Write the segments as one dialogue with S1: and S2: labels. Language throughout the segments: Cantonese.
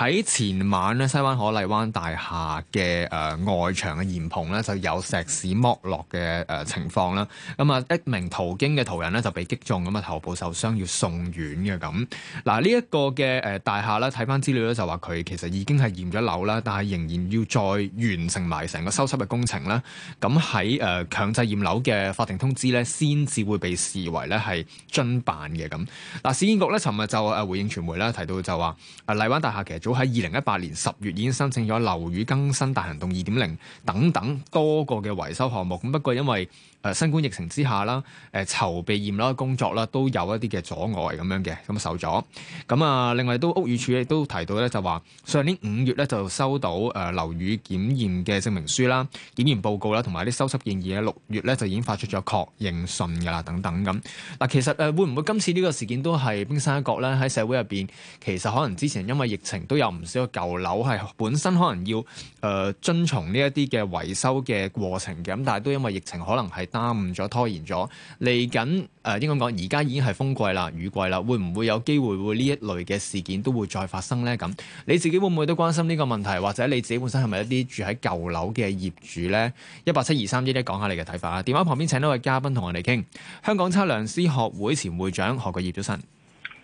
S1: 喺前晚咧，西灣河荔灣大廈嘅誒、呃、外牆嘅檐篷咧就有石屎剝落嘅誒、呃、情況啦。咁啊，一名途經嘅途人呢，就被擊中，咁啊，頭部受傷要送院嘅咁。嗱，呢、啊、一、這個嘅誒、呃、大廈咧，睇返資料咧就話佢其實已經係驗咗樓啦，但係仍然要再完成埋成個修葺嘅工程啦。咁喺誒強制驗樓嘅法定通知咧，先至會被視為咧係遵辦嘅咁。嗱，市、啊、建局咧尋日就誒回應傳媒啦，提到就話，誒、呃、麗灣大廈其實喺二零一八年十月已經申請咗樓宇更新大行動二點零等等多個嘅維修項目。咁不過因為誒新冠疫情之下啦，誒籌備驗啦、工作啦都有一啲嘅阻礙咁樣嘅，咁受阻。咁啊，另外都屋宇署亦都提到咧，就話上年五月咧就收到誒樓宇檢驗嘅證明書啦、檢驗報告啦，同埋啲修葺建議啦。六月咧就已經發出咗確認信噶啦，等等咁。嗱，其實誒會唔會今次呢個事件都係冰山一角咧？喺社會入邊，其實可能之前因為疫情都有唔少個舊樓係本身可能要誒遵從呢一啲嘅維修嘅過程嘅，咁但係都因為疫情可能係耽誤咗、拖延咗。嚟緊誒，應該講而家已經係風季啦、雨季啦，會唔會有機會會呢一類嘅事件都會再發生呢？咁你自己會唔會都關心呢個問題？或者你自己本身係咪一啲住喺舊樓嘅業主呢？1, 一八七二三一一講下你嘅睇法啦。電話旁邊請到位嘉賓同我哋傾，香港測量師學會前會長何鉅業先生。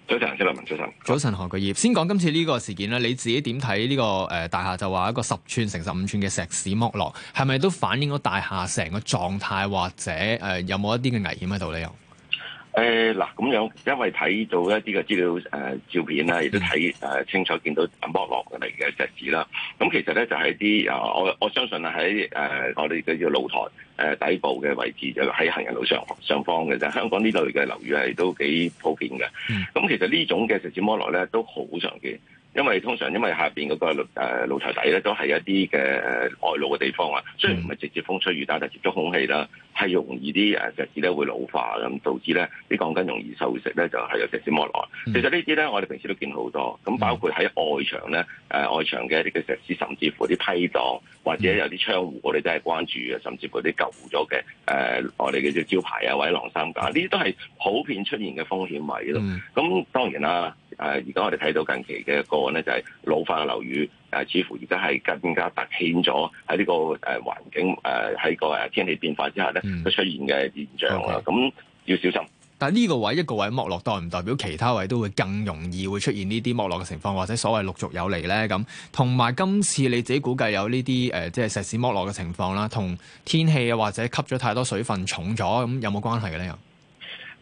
S1: 早晨，謝立文，早晨。早晨，何鉅業。先講今次呢個事件啦，你自己點睇呢個誒、呃、大廈就話一個十吋乘十五吋嘅石屎剝落，係咪都反映咗大廈成個狀態，或者誒、呃、有冇一啲嘅危險喺度咧？又？
S2: 誒嗱，咁、哎、樣因為睇到一啲嘅資料、呃、照片啦，亦都睇、呃、清楚見到剝落嚟嘅石子啦。咁其實咧就係、是、啲我我相信係誒、呃、我哋嘅叫露台誒、呃、底部嘅位置，就喺、是、行人路上上方嘅，就香港呢類嘅樓宇係都幾普遍嘅。咁、嗯、其實呢種嘅石子剝落咧都好常見。因為通常因為下邊嗰個露、呃、台底咧，都係一啲嘅外露嘅地方啊，嗯、雖然唔係直接風吹雨打，但接觸空氣啦，係容易啲誒、啊、石屎咧會老化咁、嗯，導致咧啲鋼筋容易受蝕咧，就係、是、有石屎剝落。嗯、其實呢啲咧，我哋平時都見好多。咁包括喺外牆咧，誒、呃、外牆嘅一啲嘅石屎，甚至乎啲批盪，或者有啲窗戶，我哋都係關注嘅，甚至乎啲舊咗嘅誒，我哋嘅啲招牌啊或者晾衫架，呢啲都係普遍出現嘅風險位咯。咁、嗯、當然啦。誒，而家、呃、我哋睇到近期嘅個案咧，就係老化嘅樓宇，誒、呃，似乎而家係更加突顯咗喺呢個誒、呃、環境誒喺、呃、個誒天氣變化之下咧，佢、嗯、出現嘅現象啦。咁 okay, 要小心。
S1: 但係呢個位一個位剝落，代唔代表其他位都會更容易會出現呢啲剝落嘅情況，或者所謂陸續有嚟咧？咁同埋今次你自己估計有呢啲誒，即係石屎剝落嘅情況啦，同天氣啊，或者吸咗太多水分重咗，咁有冇關係嘅咧？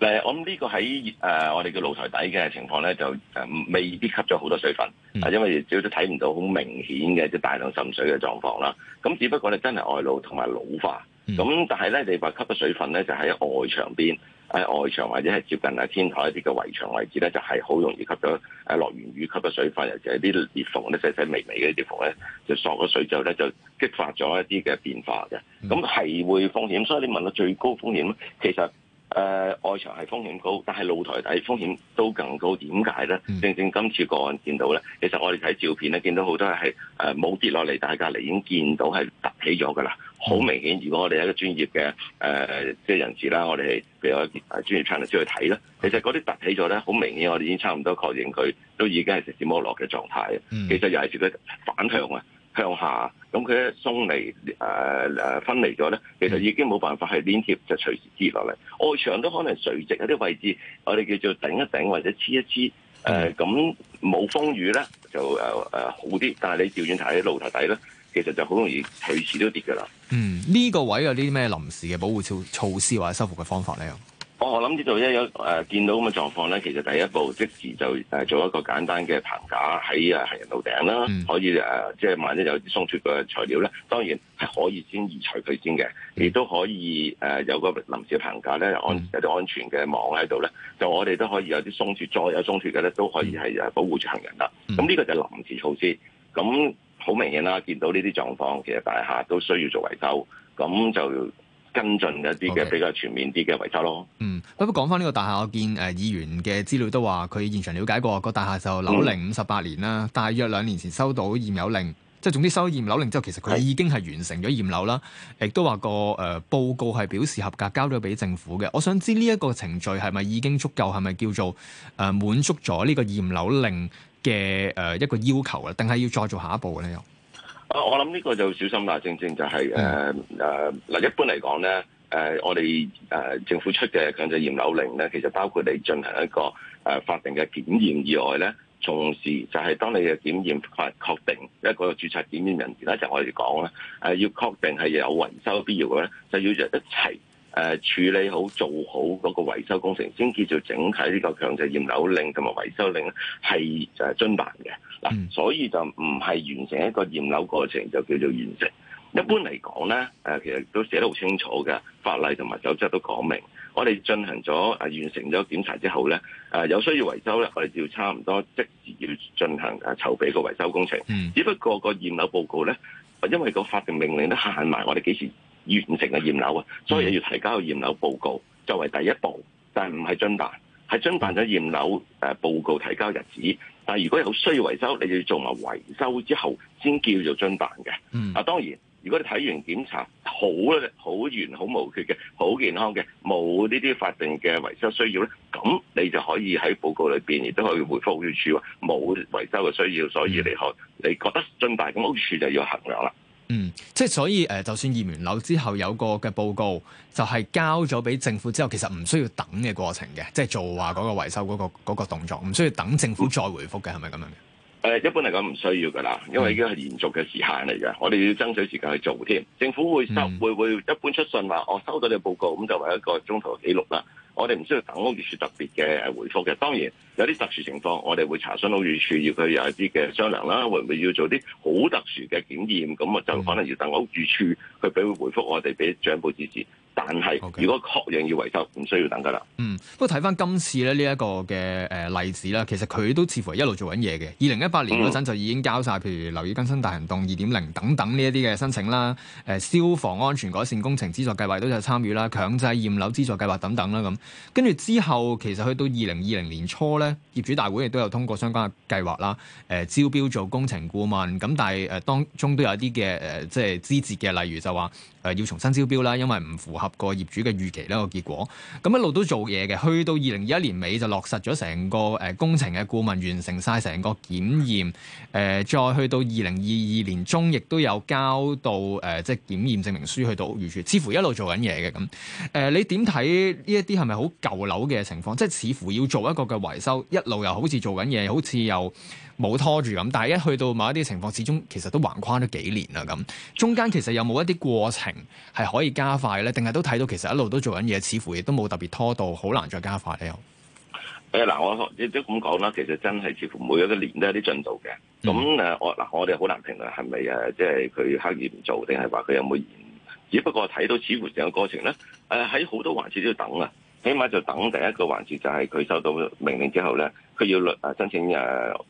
S2: 誒、呃，我諗呢個喺誒我哋嘅露台底嘅情況咧，就、呃、未必吸咗好多水分，啊、嗯，因為主要都睇唔到好明顯嘅啲、就是、大量滲水嘅狀況啦。咁只不過咧，真係外露同埋老化。咁、嗯、但係咧，你話吸嘅水分咧，就喺外牆邊，喺外牆或者係接近啊天台一啲嘅圍牆位置咧，就係、是、好容易吸咗落、呃、完雨吸嘅水分。又或者啲裂縫咧細細微微嘅裂縫咧，就索咗水之後呢，咧，就激發咗一啲嘅變化嘅。咁係、嗯、會風險，所以你問到最高風險其實。誒、呃、外牆係風險高，但係露台底風險都更高。點解咧？嗯、正正今次個案見到咧，其實我哋睇照片咧，見到好多係誒冇跌落嚟，但係隔離已經見到係凸起咗㗎啦。好明顯，如果我哋係一個專業嘅誒即係人士啦，我哋譬如我專業窗嚟出去睇啦其實嗰啲凸起咗咧，好明顯我哋已經差唔多確認佢都已經係石屎剝落嘅狀態、嗯、其實又係處得反向啊！向下，咁佢鬆離，誒、呃、誒分離咗咧，其實已經冇辦法係黏貼，就隨時跌落嚟。外牆都可能垂直一啲位置，我哋叫做頂一頂或者黐一黐，誒咁冇風雨咧就誒、呃呃、好啲。但係你調轉睇喺露台底咧，其實就好容易隨時都跌㗎喇。嗯，
S1: 呢、這個位有啲咩臨時嘅保護措措施或者修復嘅方法咧？
S2: 我我諗呢度一有誒見到咁嘅狀況咧，其實第一步即時就誒做一個簡單嘅棚架喺行人路頂啦，嗯、可以誒即係萬一有啲鬆脱嘅材料咧，當然係可以先移除佢先嘅，亦都、嗯、可以誒有個臨時嘅棚架咧，安、嗯、有啲安全嘅網喺度咧，就我哋都可以有啲鬆脱，再有鬆脱嘅咧都可以係保護住行人啦。咁呢、嗯、個就臨時措施，咁好明顯啦，見到呢啲狀況，其實大廈都需要做維修，咁就。跟進一啲嘅比較全面啲嘅維修
S1: 咯。Okay. 嗯，不過講翻呢個大廈，我見誒議員嘅資料都話佢現場了解過個大廈就樓齡五十八年啦，嗯、大約兩年前收到驗樓令，即係總之收到驗樓令之後，其實佢已經係完成咗驗樓啦。亦都話個誒報告係表示合格，交咗俾政府嘅。我想知呢一個程序係咪已經足夠，係咪叫做誒、呃、滿足咗呢個驗樓令嘅、呃、一個要求咧？定係要再做下一步呢？又？
S2: 我我諗呢個就要小心啦，正正就係誒誒嗱，一般嚟講咧，誒、呃、我哋誒政府出嘅強制驗樓令咧，其實包括你進行一個誒、呃、法定嘅檢驗以外咧，從時就係當你嘅檢驗確確定一個註冊檢驗人員咧，就係、我哋講咧，誒、呃、要確定係有維修必要嘅咧，就要一齊。誒、呃、處理好做好嗰個維修工程，先叫做整體呢個強制驗樓令同埋維修令係誒遵辦嘅嗱，啊嗯、所以就唔係完成一個驗樓過程就叫做完成。一般嚟講咧，其實都寫得好清楚嘅法例同埋手則都講明，我哋進行咗、啊、完成咗檢查之後咧，誒、啊、有需要維修咧，我哋就要差唔多即時要進行誒、啊、籌備一個維修工程。嗯，只不過個驗樓報告咧，因為個法定命令都限埋我哋幾時完成嘅驗樓啊，所以你要提交個驗樓報告作為第一步，但唔係遵辦，係遵辦咗驗樓誒報告提交日子。但如果有需要維修，你就要做埋維修之後先叫做遵辦嘅。啊、嗯、當然，如果你睇完檢查好好完好無缺嘅，好健康嘅，冇呢啲法定嘅維修需要咧，咁你就可以喺報告裏邊亦都可以回覆屋處冇維修嘅需要，所以你可你覺得遵辦咁屋處就要衡量啦。
S1: 嗯，即係所以誒、呃、就算驗完樓之後有個嘅報告，就係交咗俾政府之後其實唔需要等嘅過程嘅，即係做話嗰個維修嗰個嗰個動作，唔需要等政府再回覆嘅，係咪咁樣？
S2: 誒，一般嚟講唔需要噶啦，因為已經係延續嘅時限嚟嘅，我哋要爭取時間去做添。政府會收會唔會一般出信話，我收到你報告，咁就為一個中途記錄啦。我哋唔需要等屋宇署特別嘅回覆嘅。當然有啲特殊情況，我哋會查詢屋宇署，要佢有一啲嘅商量啦。會唔會要做啲好特殊嘅檢驗？咁啊就可能要等屋宇署佢俾回覆我哋，俾進一步指示。但係，如果確
S1: 認要維修，唔 Okay. 需要等噶啦。嗯，不過睇翻今次咧呢一個嘅例子啦，其實佢都似乎係一路做緊嘢嘅。二零一八年嗰陣就已經交晒，嗯、譬如留意更新大行動二點零等等呢一啲嘅申請啦、呃，消防安全改善工程資助計劃都有參與啦，強制驗樓資助計劃等等啦咁。跟住之後，其實去到二零二零年初咧，業主大會亦都有通過相關嘅計劃啦、呃。招標做工程顧問咁，但係、呃、當中都有一啲嘅、呃、即係資質嘅，例如就話。誒、呃、要重新招標啦，因為唔符合個業主嘅預期呢、這個結果。咁一路都做嘢嘅，去到二零二一年尾就落實咗成個誒、呃、工程嘅顧問完成晒成個檢驗。誒、呃，再去到二零二二年中，亦都有交到誒、呃、即係檢驗證明書去到屋宇署似乎一路做緊嘢嘅咁。誒、呃，你點睇呢一啲係咪好舊樓嘅情況？即係似乎要做一個嘅維修，一路又好似做緊嘢，好似又。冇拖住咁，但係一去到某一啲情況，始終其實都橫跨咗幾年啦。咁中間其實有冇一啲過程係可以加快咧？定係都睇到其實一路都做緊嘢，似乎亦都冇特別拖到，好難再加快咧。
S2: 誒嗱，我亦都咁講啦，其實真係似乎每一個年都有啲進度嘅。咁誒，我嗱我哋好難評論係咪誒，即係佢刻意唔做，定係話佢有冇延？只不過睇到似乎成個過程咧，誒喺好多環節都要等啦。起碼就等第一個環節，就係、是、佢收到命令之後咧，佢要申請2.0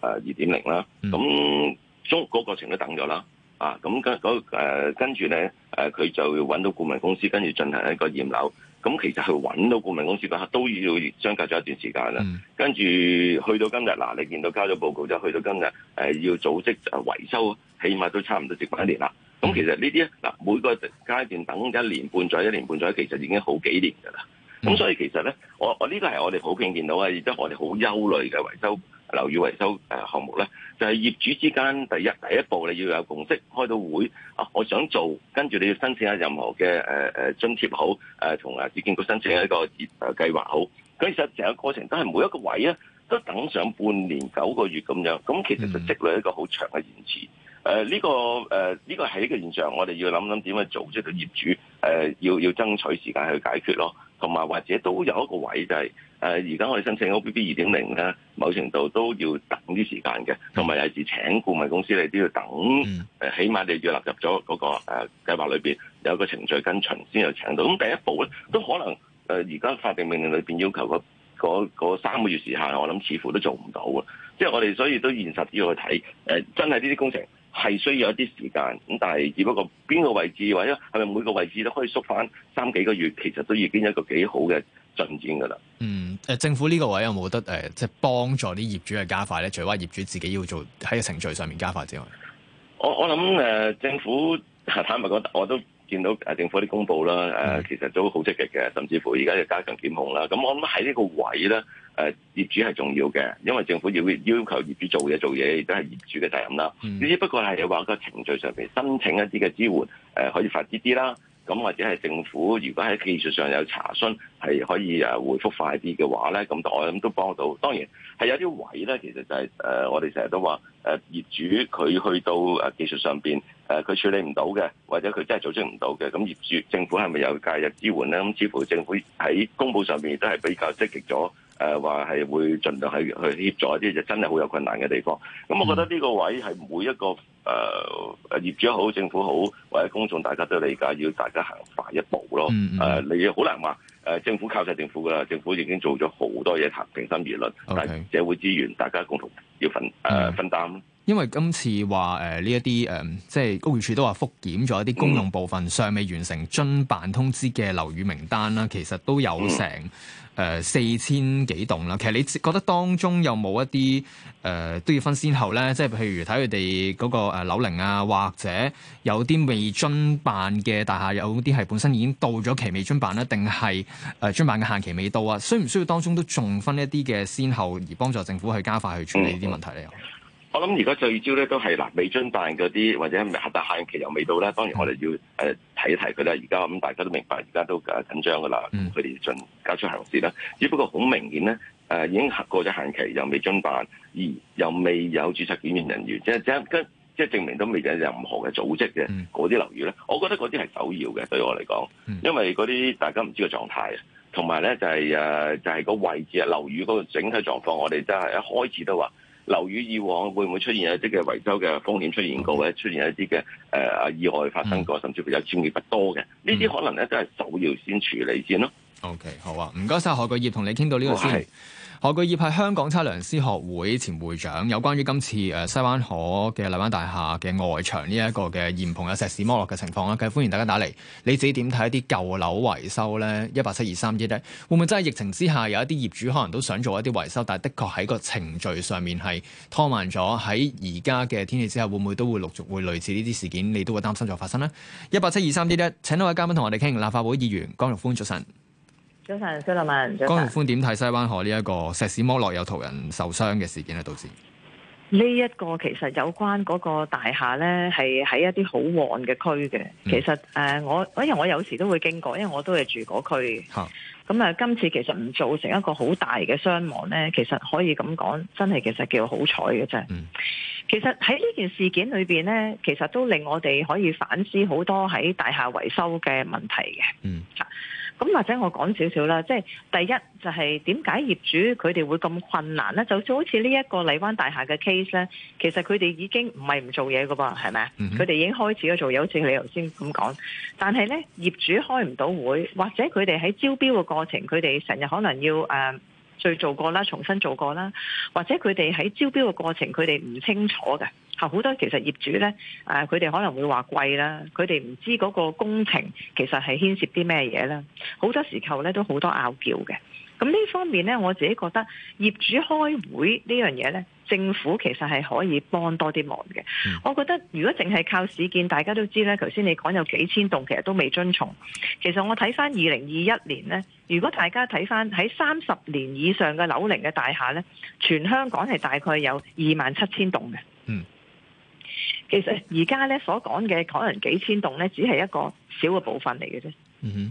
S2: 二零啦。咁、呃 mm. 中嗰個過程都等咗啦啊！咁、呃、跟嗰跟住咧誒，佢、呃、就要搵到顧問公司，跟住進行一個驗樓。咁、嗯、其實係搵到顧問公司嗰刻都要相隔咗一段時間啦。Mm. 跟住去到今日嗱，你見到交咗報告就去到今日、呃、要組織就維、啊、修，起碼都差唔多接近一年啦。咁、mm. 其實呢啲嗱每個階段等一年半載、一年半載，其實已經好幾年㗎啦。咁、嗯、所以其實咧，我、這個、我呢個係我哋普遍見到啊，而家我哋好憂慮嘅維修樓宇維修誒、呃、項目咧，就係、是、業主之間第一第一步你要有共識，開到會啊，我想做，跟住你要申請下任何嘅誒誒津貼好，同啊市建局申請一個誒、呃、計劃好。咁其實成個過程都係每一個位都等上半年九個月咁樣，咁其實就積累一個好長嘅延遲。誒，呢、呃這個誒，呢、呃這個係一個現象，我哋要諗諗點樣組織個業主誒、呃，要要爭取時間去解決咯，同埋或者都有一個位就係、是、誒，而、呃、家我哋申請 O B B 二點零咧，某程度都要等啲時間嘅，同埋有時請顧問公司，你都要等誒、嗯呃，起碼你要納入咗嗰、那個誒計劃裏邊，有個程序跟循，先又請到。咁第一步咧，都可能誒，而、呃、家法定命令裏邊要求個個三個月時限，我諗似乎都做唔到啊！即係我哋所以都現實啲去睇，誒、呃，真係呢啲工程。係需要一啲時間，咁但係只不過邊個位置或者係咪每個位置都可以縮翻三幾個月？其實都已經有一個幾好嘅進展㗎啦。嗯，誒、
S1: 呃、政府呢個位有冇得誒，即、呃、係幫助啲業主去加快咧？除咗業主自己要做喺個程序上面加快之外，
S2: 我我諗誒、呃、政府，坦白講我都。見到誒政府啲公佈啦，誒其實都好積極嘅，甚至乎而家就加強檢控啦。咁我諗喺呢個位咧，誒業主係重要嘅，因為政府要要求業主做嘢做嘢，亦都係業主嘅責任啦。你只、嗯、不過係話個程序上邊申請一啲嘅支援，誒可以快啲啲啦。咁或者係政府如果喺技術上有查詢，係可以誒回覆快啲嘅話咧，咁我諗都幫到。當然係有啲位咧，其實就係、是、誒我哋成日都話誒業主佢去到誒技術上邊。誒佢、呃、處理唔到嘅，或者佢真係組織唔到嘅，咁業主政府係咪有介入支援咧？咁似乎政府喺公佈上面都係比較積極咗，誒話係會盡量去去協助一啲就真係好有困難嘅地方。咁我覺得呢個位係每一個誒、呃、業主好、政府好或者公眾大家都理解，要大家行快一步咯。誒、嗯嗯呃，你好難話誒、呃、政府靠晒政府㗎喇，政府已經做咗好多嘢，談平心而論，Okay. 但社會資源大家共同要分誒、嗯呃、分擔。
S1: 因為今次話誒呢一啲誒、呃，即係屋宇署都話復檢咗一啲公用部分尚、嗯、未完成津辦通知嘅樓宇名單啦。其實都有成誒四千幾棟啦。其實你覺得當中有冇一啲誒、呃、都要分先後咧？即係譬如睇佢哋嗰個誒樓齡啊，或者有啲未津辦嘅大廈，有啲係本身已經到咗期未津辦啦，定係誒津辦嘅限期未到啊？需唔需要當中都仲分一啲嘅先後，而幫助政府去加快去處理呢啲問題咧？嗯
S2: 我諗而家最焦咧都係嗱，未遵辦嗰啲或者係核達限期又未到呢？當然我哋要誒睇、呃、一睇佢啦，而家咁大家都明白，而家都緊緊張噶啦，佢哋進加速行事啦。只不過好明顯咧，誒、呃、已經過咗限期又未遵辦，而又未有註冊檢驗人員，即係即即係證明都未有任何嘅組織嘅嗰啲樓宇咧。我覺得嗰啲係首要嘅，對我嚟講，因為嗰啲大家唔知個狀態，同埋咧就係、是、誒、呃、就係、個位置啊樓宇嗰個整體狀況，我哋真係一開始都話。樓宇以往會唔會出現一啲嘅維修嘅風險出現過，或出現一啲嘅誒啊意外發生過，甚至乎有僭建不多嘅呢啲可能咧，都係首要先處理先咯。OK，
S1: 好啊，唔該晒，何鉅業，同你傾到呢個先。何鉅業係香港測量師學會前會長，有關於今次誒西灣河嘅麗灣大廈嘅外牆呢一個嘅簷篷有石屎剝落嘅情況啊，繼續歡迎大家打嚟。你自己點睇一啲舊樓維修咧？一八七二三一一，會唔會真係疫情之下有一啲業主可能都想做一啲維修，但係的確喺個程序上面係拖慢咗。喺而家嘅天氣之下，會唔會都會陸續會類似呢啲事件？你都會擔心咗發生呢？一八七二三一一，請呢位嘉賓同我哋傾，立法會議員江玉歡早晨。
S3: 早晨，薛立文。江玉歡
S1: 點睇西灣河呢一個石屎剝落有途人受傷嘅事件咧？導致，
S3: 呢一個其實有關嗰個大廈咧，係喺一啲好旺嘅區嘅。其實誒、嗯呃，我因為我有時都會經過，因為我都係住嗰區。咁啊哈！今、嗯、次其實唔造成一個好大嘅傷亡咧，其實可以咁講，真係其實叫好彩嘅啫。嗯、其實喺呢件事件裏邊咧，其實都令我哋可以反思好多喺大廈維修嘅問題嘅。嗯。咁或者我講少少啦，即係第一就係點解業主佢哋會咁困難咧？就好似呢一個荔灣大廈嘅 case 咧，其實佢哋已經唔係唔做嘢噶噃，係咪啊？佢哋、mm hmm. 已經開始咗做嘢，好似你頭先咁講。但係咧，業主開唔到會，或者佢哋喺招標嘅過程，佢哋成日可能要、uh, 再做過啦，重新做過啦，或者佢哋喺招標嘅過程，佢哋唔清楚嘅，好多其實業主咧，誒佢哋可能會話貴啦，佢哋唔知嗰個工程其實係牽涉啲咩嘢啦，好多時候咧都好多拗撬嘅，咁呢方面咧，我自己覺得業主開會呢樣嘢咧。政府其實係可以幫多啲忙嘅，我覺得如果淨係靠市建，大家都知咧。頭先你講有幾千棟，其實都未遵從。其實我睇返二零二一年呢，如果大家睇返喺三十年以上嘅樓齡嘅大廈呢，全香港係大概有二萬七千棟嘅。嗯。其實而家咧所講嘅可能幾千棟咧，只係一個小嘅部分嚟嘅啫。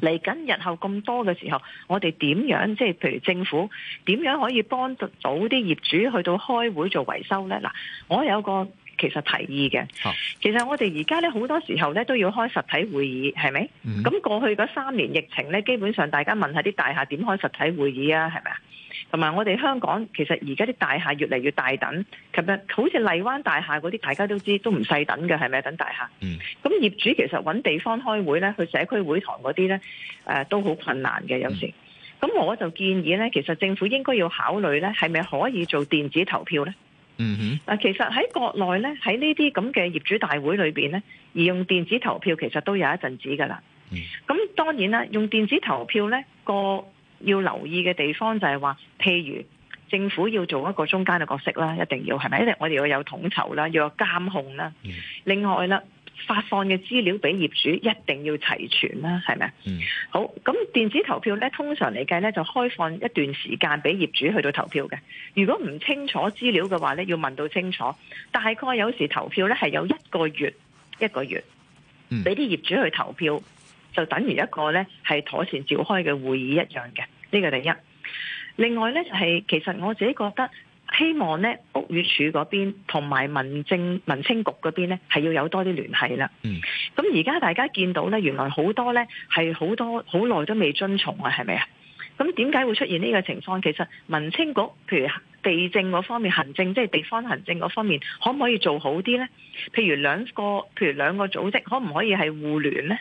S3: 嚟緊日後咁多嘅時候，我哋點樣即係譬如政府點樣可以幫到啲業主去到開會做維修呢？嗱，我有個其實提議嘅。其實我哋而家咧好多時候咧都要開實體會議，係咪？咁過去嗰三年疫情咧，基本上大家問下啲大廈點開實體會議啊？係咪啊？同埋我哋香港，其實而家啲大廈越嚟越大等，其實好似荔灣大廈嗰啲，大家都知都唔細等嘅，係咪等大廈，咁、嗯、業主其實揾地方開會呢，去社區會堂嗰啲呢，啊、都好困難嘅，有時。咁、嗯、我就建議呢，其實政府應該要考慮呢，係咪可以做電子投票呢？嗯哼。嗱、啊，其實喺國內呢，喺呢啲咁嘅業主大會裏面呢，而用電子投票其實都有一陣子噶啦。咁、嗯、當然啦，用電子投票呢個。要留意嘅地方就係話譬如政府要做一個中間嘅角色啦，一定要係咪？一定我哋要有統籌啦，要有監控啦。Mm. 另外啦，發放嘅資料俾業主一定要齊全啦，係咪？Mm. 好咁，那電子投票咧，通常嚟計咧就開放一段時間俾業主去到投票嘅。如果唔清楚資料嘅話咧，要問到清楚。大概有時投票咧係有一個月一個月，俾啲、mm. 業主去投票，就等於一個咧係妥善召開嘅會議一樣嘅。呢個第一，另外呢，就係其實我自己覺得希望呢屋宇署嗰邊同埋民政民青局嗰邊咧係要有多啲聯繫啦。嗯，咁而家大家見到呢，原來好多呢係好多好耐都未遵從啊，係咪啊？咁點解會出現呢個情況？其實民青局譬如地政嗰方面行政，即係地方行政嗰方面，可唔可以做好啲呢？譬如兩個譬如兩個組織可唔可以係互聯呢？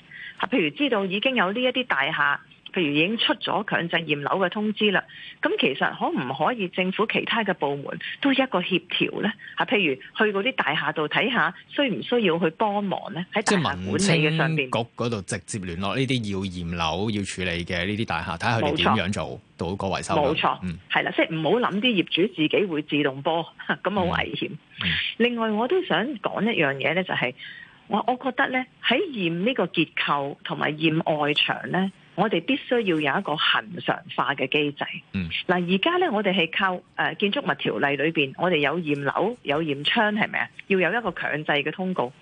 S3: 譬如知道已經有呢一啲大廈。譬如已經出咗強制驗樓嘅通知啦，咁其實可唔可以政府其他嘅部門都一個協調呢？啊，譬如去嗰啲大廈度睇下，需唔需要去幫忙呢？喺大廈管理嘅
S1: 上邊，局嗰度直接聯絡呢啲要驗樓要處理嘅呢啲大廈，睇下佢哋點樣做錯到個維修。冇
S3: 錯，係啦、嗯，即係唔好諗啲業主自己會自動波，咁好危險。嗯嗯、另外我也、就是，我都想講一樣嘢呢，就係我我覺得呢，喺驗呢個結構同埋驗外牆呢。我哋必須要有一個恒常化嘅機制。嗱、嗯，而家咧，我哋係靠誒建築物條例裏面，我哋有驗樓、有驗窗，係咪啊？要有一個強制嘅通告。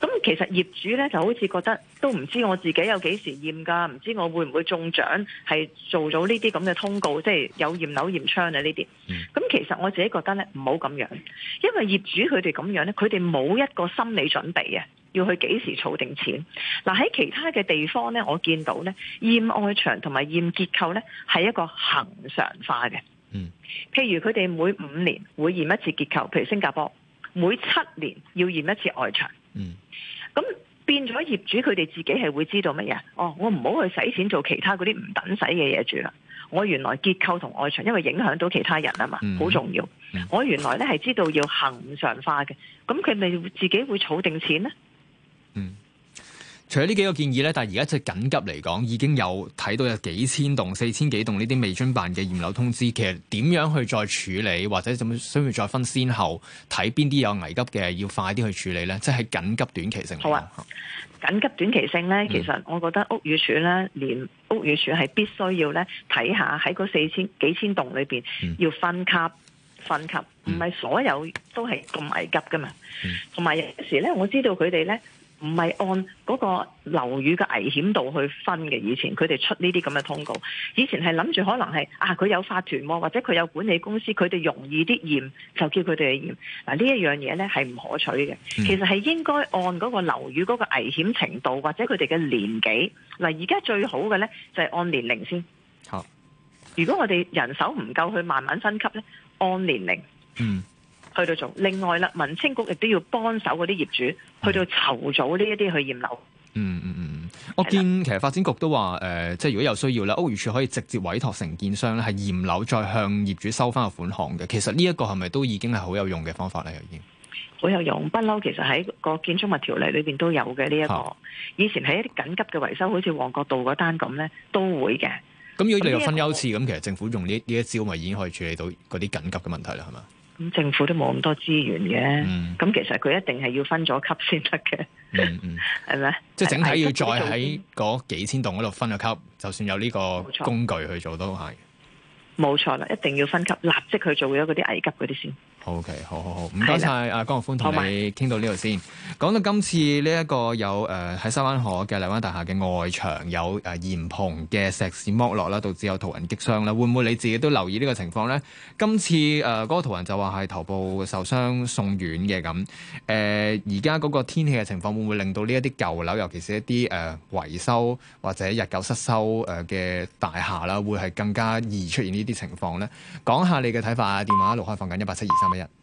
S3: 咁其實業主咧就好似覺得都唔知我自己有幾時驗㗎，唔知我會唔會中獎係做咗呢啲咁嘅通告，即係有驗樓驗窗啊呢啲。咁，嗯，其實我自己覺得咧，唔好咁樣，因為業主佢哋咁樣咧，佢哋冇一個心理準備嘅。要去幾時儲定錢？嗱，喺其他嘅地方呢，我見到呢驗外牆同埋驗結構呢係一個恒常化嘅。嗯，譬如佢哋每五年會驗一次結構，譬如新加坡每七年要驗一次外牆。嗯，咁變咗業主佢哋自己係會知道乜嘢？哦，我唔好去使錢做其他嗰啲唔等使嘅嘢住啦。我原來結構同外牆因為影響到其他人
S1: 啊嘛，好重要。
S3: 我原來呢係知道要恒常化嘅，咁佢咪自己會儲定錢呢？
S1: 除咗呢幾個建議咧，但係而家就緊急嚟講，已經有睇到有幾千棟、四千幾棟呢啲未遵辦嘅驗樓通知，其實點樣去再處理，或者點樣需要再分先後睇邊啲有危急嘅，要快啲去處理咧？即係緊急短期性。好啊，
S3: 緊急短期性咧，嗯、其實我覺得屋宇署咧，連屋宇署係必須要咧睇下喺嗰四千幾千棟裏邊要分級分級，唔係、嗯、所有都係咁危急㗎嘛。同埋、嗯、有時咧，我知道佢哋咧。唔係按嗰個樓宇嘅危險度去分嘅，以前佢哋出呢啲咁嘅通告，以前係諗住可能係啊，佢有法團或者佢有管理公司，佢哋容易啲驗就叫佢哋去驗嗱，呢一樣嘢咧係唔可取嘅。嗯、其實係應該按嗰個樓宇嗰個危險程度或者佢哋嘅年紀嗱，而、啊、家最好嘅咧就係、是、按年齡先。啊、如果我哋人手唔夠去慢慢分級咧，按年齡。嗯。去到做另外啦，民青局亦都要幫手嗰啲業主去到籌組呢一啲去驗樓。嗯
S1: 嗯嗯，我見其實發展局都話誒、呃，即係如果有需要咧，屋宇署可以直接委託承建商咧，係驗樓再向業主收翻個款項嘅。其實呢一個係咪都已經係好有用嘅方法咧？又已經
S3: 好有用，不嬲。其實喺個建築物條例裏邊都有嘅呢一個。的以前喺一啲緊急嘅維修，好似旺角道嗰單
S1: 咁咧，都會嘅。咁如果你又分優次，咁、嗯嗯、其實政府用呢呢一招，咪已經可以處理到嗰啲緊急嘅問題啦？係咪？
S3: 咁政府都冇咁多資源嘅，咁、嗯、其實佢一定係要分咗級先得嘅，係咪？即係整體要再喺
S1: 嗰幾千棟嗰度分咗級，就算有呢個工具去做都係
S3: 冇錯啦，一定要分級，立即去做咗嗰啲危急嗰啲先。
S1: O、okay, K，好好好，唔該曬啊，謝謝江玉歡，同你傾到呢度先。講吧到今次呢一個有誒喺沙灣河嘅荔灣大廈嘅外牆有誒檐篷嘅石屎剝落啦，導致有途人擊傷啦。會唔會你自己都留意呢個情況咧？今次誒嗰、呃那個途人就話係頭部受傷送院嘅咁。誒而家嗰個天氣嘅情況會唔會令到呢一啲舊樓，尤其是一啲誒維修或者日久失修嘅大廈啦，會係更加易出現況呢啲情況咧？講下你嘅睇法啊！電話一路開放緊，一八七二三一。